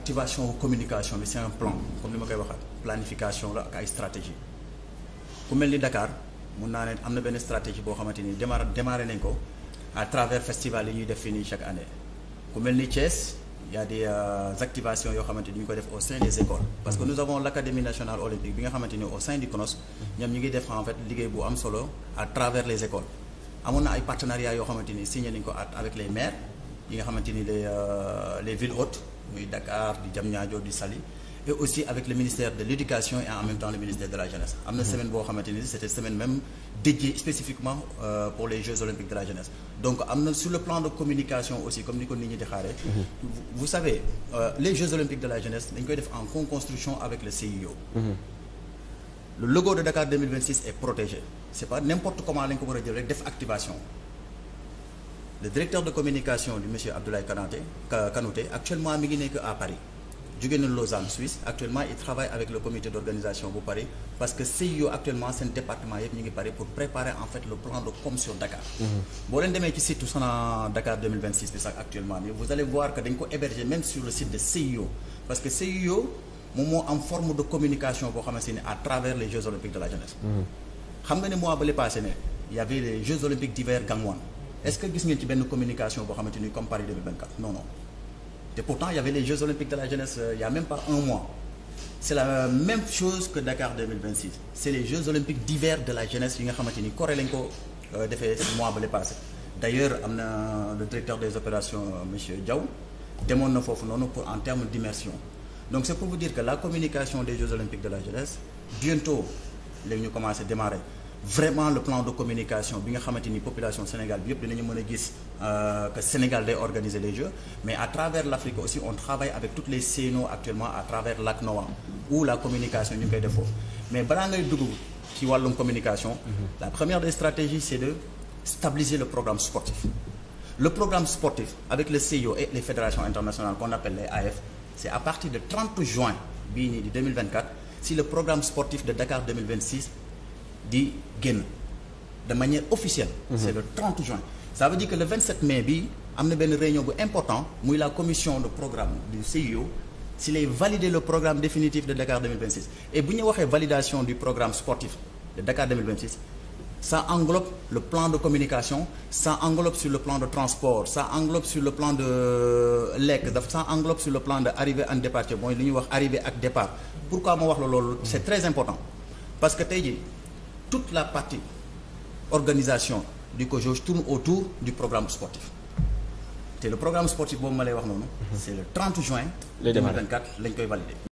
activation communication bi c'est plan comme ni ma koy waxaat planification la ak ay stratégie ku mel ni ndakaar mun naa ne am na benn stratégie boo xamante ni démarré démarré nañ ko à travers festival yi ñuy def fii nii chaque année ku mel ni Thiès y a des euh, yoo xamante ni ñu ko def au sein des écoles parce que nous avons l'académie nationale olympique bi nga xamante ni au sein du CNOS ñoom ñu ngi def en fait liggéey bu am solo à travers les écoles amoon na ay partenariats yoo xamante ni signé nañ ko at avec les maires nga xamante ni les euh, les villes hôtes muy Dakar di Diamniadio di Saly et aussi avec le ministère de l'éducation et en même temps le ministère de la jeunesse am na mhm. semaine boo xamante c'était semaine même dédiée spécifiquement euh, pour les Jeux olympiques de la jeunesse donc am na sur le plan de communication aussi comme ni ko nit ñi di xaaree mhm. vous savez euh, les Jeux olympiques de la jeunesse dañ koy def en co-construction avec le CIO mm logo de Dakar est protégé c'est pas n'importe comment lañ a jël rek def activation le directeur de communication du monsieur Abdoulaye Kanouté Kanouté actuellement mi ngi nekk à Paris jóge na Lausanne Suisse actuellement il travaille avec le comité d'organisation bu Paris parce que CIO actuellement seen département yëpp ñu ngi Paris pour préparer en fait le plan de com sur Dakar mmh. boo leen demee ci site Soxna Dakar 2026 bi actuellement nii vous allez voir que dañ ko héberger même sur le site de CIO parce que CIO moom moo am forme communication boo xamante ne à travers les Jeux est-ce que gis ngeen ci benn communication boo xamante ni comme Paris 2024 non non te pourtant il y avait Jeux olympiques de la jeunesse euh, il a même pas un mois c'est la même chose que Dakar 2026 c'est les Jeux olympiques d'hiver de la jeunesse yi nga xamante ni Corée lañ ko euh, defee ci mois ba le passé d'ailleurs am na euh, le directeur des opérations monsieur Diaw demoon na foofu noonu pour en termes d'immersion donc c'est pour vous dire que la communication des Jeux olympiques de la jeunesse bientôt léegi ñu commencer vraiment le plan de communication bi nga xamante ni population Sénégal bi yëpp dinañu mën a gis euh, que Sénégal day organiser les Jeux mais à travers l'Afrique aussi on travaille avec toutes les CNO actuellement à travers l'ACNOA où la communication ñu ngi koy def foofu mais balaa ngay dugg ci wàllum communication mhm. la première des stratégies c'est de stabiliser le programme sportif le programme sportif avec le CIO et les fédérations internationales qu'on di génn de manière officielle. Mm -hmm. c'est le 30 juin. ça veut dire que le mai bi am na benn réunion bu important muy la commission de programme du CIO si lay valider le programme définitif de Dakar 2026 et bu ñu waxee validation du programme sportif de Dakar 2026. ça englobe le plan de communication ça englobe sur le plan de transport ça englobe sur le plan de euh, lekk daf ça englobe sur le plan de arrivée ak départ mooy li ñuy wax arrivée ak départ pourquoi ma wax la loolu c'est très important parce que tey toute la parti organisation du COJOS tourne autour du programme sportif te le programme sportif boobu ma lay wax noonu mhm. c'est le 30 juin 2024 lañ koy valider